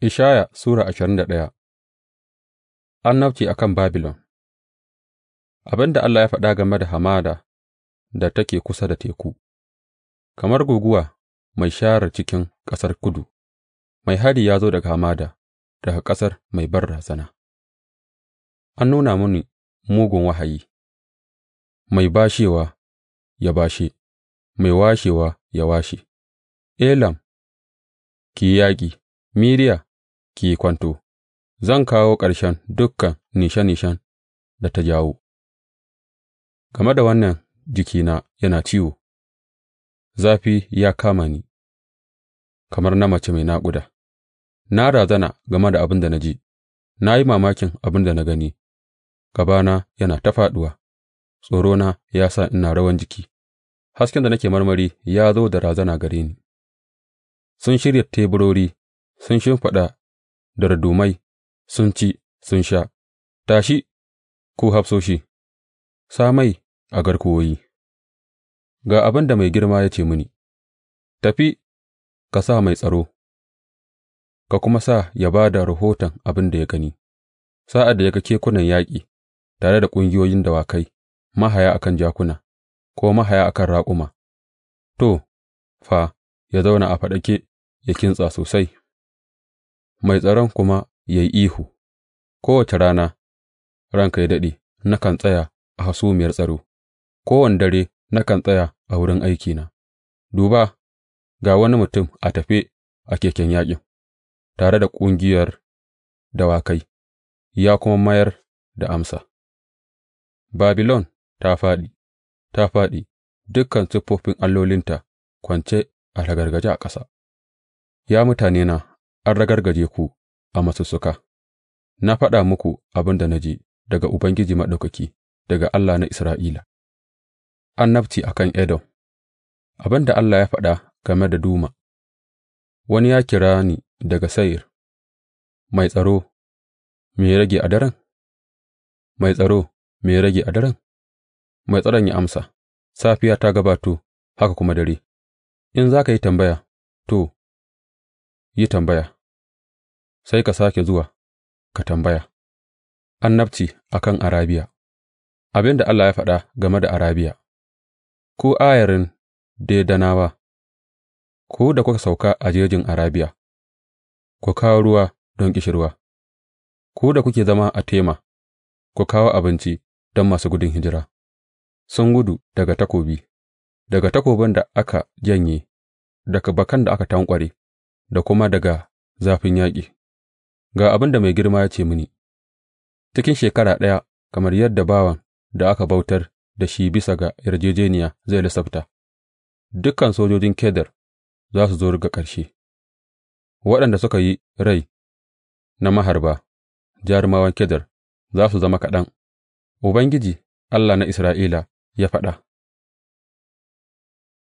Ishaya Sura ashirin da ɗaya. An Annabci a kan Babilon Abin da Allah ya faɗa game da hamada da take kusa da teku, kamar guguwa mai share cikin ƙasar kudu, mai hari ya zo daga hamada, daga ƙasar mai rasana. An nuna mini mugun wahayi, mai bashewa ya bashe, mai washewa ya washe, Elam, ki yaƙi. Miriya, ki yi kwanto, zan kawo ƙarshen dukan nishe nishen da ta jawo; game da wannan jikina yana ciwo, zafi ya kama ni kamar na mace mai naƙuda; na razana game da abin da na ji, na yi mamakin abin da na gani, gabana yana ta fāɗuwa, tsorona ya sa ina rawan jiki, hasken da nake marmari ya zo da razana gare ni. Sun shirya teburori sun shimfaɗa da radumai sun ci, sun sha, tashi, ku hafsoshi, Samai a garkuwoyi. Ga abin da mai girma ya ce mini, Tafi, ka sa mai tsaro, ka kuma sa ya ba da rahoton abin da ya gani, sa'ad da ya ga kekunan yaƙi tare da ƙungiyoyin dawakai, mahaya a kan jakuna, ko mahaya a kan raƙuma, to, fa, ya zauna a faɗake ya kintsa sosai. mai tsaron kuma ya yi ihu, Kowace rana, ranka yă daɗe, nakan tsaya a hasumiyar tsaro, kowane dare nakan tsaya a wurin aikina, duba, ga wani mutum a tafe a keken yaƙin, tare da ƙungiyar dawakai, ya kuma mayar da amsa. Babilon ta fāɗi, ta fāɗi, dukan siffofin allolinta kwance a ragargaje a ƙasa, Ya mutanena An ragargaje ku a masussuka Na faɗa muku abin da na ji daga Ubangiji Maɗaukaki, daga Allah na Isra'ila, annabci a kan Edom Abin da Allah ya faɗa game da Duma Wani ya kira ni daga Sayir, Mai tsaro, me ya rage a daren? Mai tsaro, me rage a daren? Mai tsaron ya amsa, Safiya ta gabato, haka kuma dare, in za ka yi tambaya, to, yi tambaya. sai ka sāke zuwa ka tambaya, Annabci a kan Arabiya Abin da Allah ya faɗa game da Arabiya Ku ayarin Dedanawa, ku da kuka sauka a jejin Arabiya, ku kawo ruwa don ƙishirwa, ku da kuke zama a tema, ku kawo abinci don masu gudun hijira, sun gudu daga takobi, daga takobin da aka janye, daga bakan da aka tanƙware, da kuma daga zafin yaƙi. Ga abin da mai girma ya ce mini, Cikin shekara ɗaya, kamar yadda bawan da aka bautar da shi bisa ga Yarjejeniya zai lissafta, dukan sojojin Kedar za su zo ga ƙarshe, waɗanda suka yi rai na maharba, jarumawan Kedar za su zama kaɗan, Ubangiji, Allah na Isra'ila ya faɗa.